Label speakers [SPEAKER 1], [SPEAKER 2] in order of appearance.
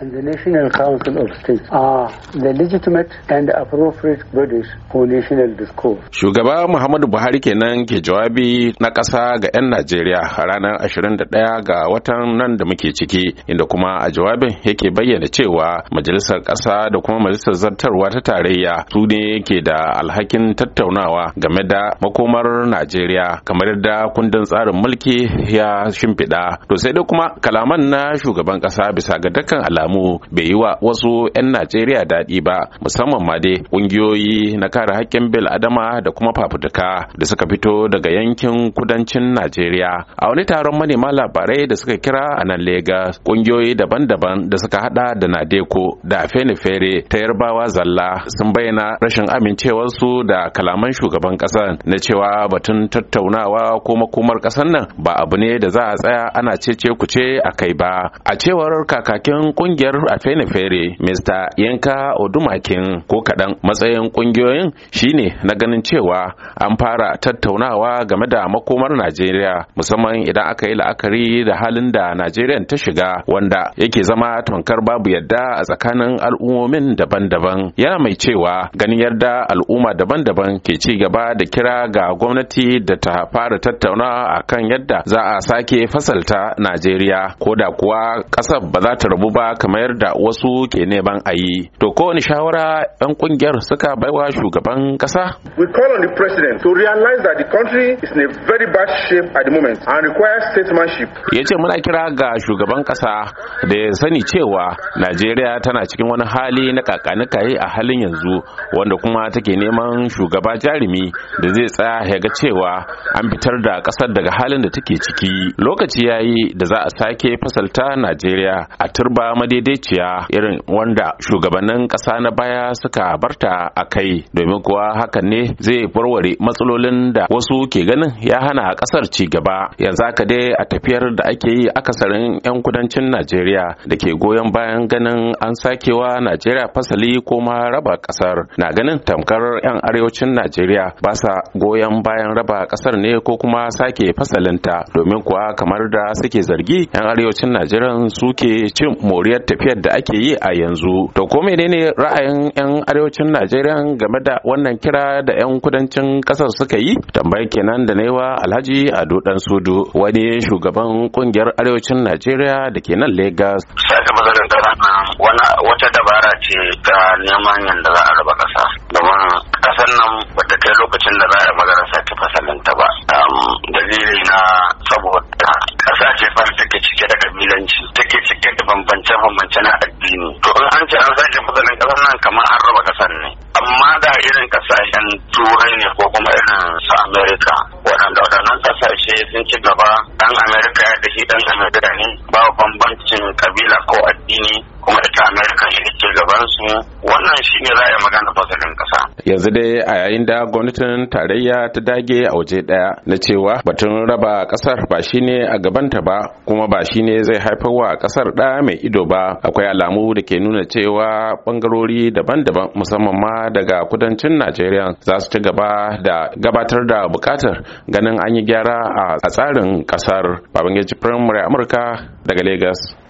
[SPEAKER 1] and the National Council of States are the legitimate and appropriate bodies for national discourse.
[SPEAKER 2] Shugaba Muhammadu Buhari kenan ke jawabi na ƙasa ga 'yan Najeriya a ranar 21 ga watan nan da muke ciki inda kuma a jawabin yake bayyana cewa majalisar ƙasa da kuma majalisar zartarwa ta tarayya su ne ke da alhakin tattaunawa game da makomar Najeriya kamar yadda kundin tsarin mulki ya shimfiɗa. To sai dai kuma kalaman na shugaban ƙasa bisa ga dukkan alamu alamu bai yi wa wasu 'yan najeriya daɗi ba musamman ma dai ƙungiyoyi na kare haƙƙin bil adama da kuma fafutuka da suka fito daga yankin kudancin najeriya a wani taron manema labarai da suka kira a nan Legas, ƙungiyoyi daban-daban da suka hada da nadeko da fenifere ta yarbawa zalla sun bayyana rashin amincewarsu da kalaman shugaban ƙasar na cewa batun tattaunawa ko makomar ƙasar nan ba abu ne da za a tsaya ana cece kuce a kai ba a cewar kakakin ƙungiyar kungiyar fene-fere Mr. Yanka Odumakin ko kaɗan matsayin kungiyoyin shine na ganin cewa an fara tattaunawa game da makomar Najeriya musamman idan aka yi la'akari da halin da Najeriya ta shiga wanda yake zama tankar babu yadda a tsakanin al'ummomin daban-daban yana mai cewa ganin yarda al'umma daban-daban ke ci gaba da kira ga gwamnati da ta fara tattaunawa akan yadda za a sake fasalta Najeriya ko da kuwa ƙasar ba za ta rabu ba kamar da wasu ke neman a yi to kowane shawara 'yan kungiyar suka baiwa shugaban kasa we call on the president to realize that the country is in a very bad shape at the moment and require statesmanship ya ce muna kira ga shugaban kasa da ya sani cewa najeriya tana cikin wani hali na kakanikaye a halin yanzu wanda kuma take neman shugaba jarumi da zai tsaya ya ga cewa an fitar da kasar daga halin da take ciki lokaci yayi da za a sake fasalta najeriya a turba madi daidaiciya irin wanda shugabannin ƙasa na baya suka barta a kai domin kuwa hakan ne zai warware matsalolin da wasu ke ganin ya hana ƙasar ci gaba yanzu aka dai a tafiyar da ake yi akasarin 'yan kudancin najeriya da ke goyon bayan ganin an sakewa najeriya fasali ko ma raba ƙasar na ganin tamkar 'yan arewacin najeriya ba sa goyon bayan raba ƙasar ne ko kuma sake fasalinta domin kuwa kamar da suke zargi 'yan arewacin najeriya suke cin moriyar tafiyar da ake yi a yanzu to ko menene ra'ayin yan arewacin najeriya game da wannan kira da yan kudancin kasar suka yi tambayar kenan da naiwa alhaji ado dan sudu wani shugaban kungiyar arewacin najeriya da ke nan lagos
[SPEAKER 1] wata dabara ce ga neman yadda za a raba kasa domin kasar nan bata kai lokacin da za a hukunce na addini to in an ce an sake fasalin kasar nan kamar an raba kasar ne amma da irin kasashen turai ne ko kuma irin su amerika waɗanda waɗannan kasashe sun ci gaba dan amerika da shi dan amerika ne babu bambanci kabila ko addini kuma ita amerika shi ke gabansu wannan shi ne za a yi magana fasalin kasa
[SPEAKER 2] yanzu dai a yayin da gwamnatin tarayya ta dage a waje daya, na cewa batun raba kasar ba shine ne a gabanta ba kuma ba shine zai haifar wa ƙasar da mai ido ba akwai alamu da ke nuna cewa bangarori daban-daban musamman ma daga kudancin najeriya za su ci gaba da gabatar da bukatar ganin an yi gyara a tsarin ƙasar babangeji firamare amurka daga Legas.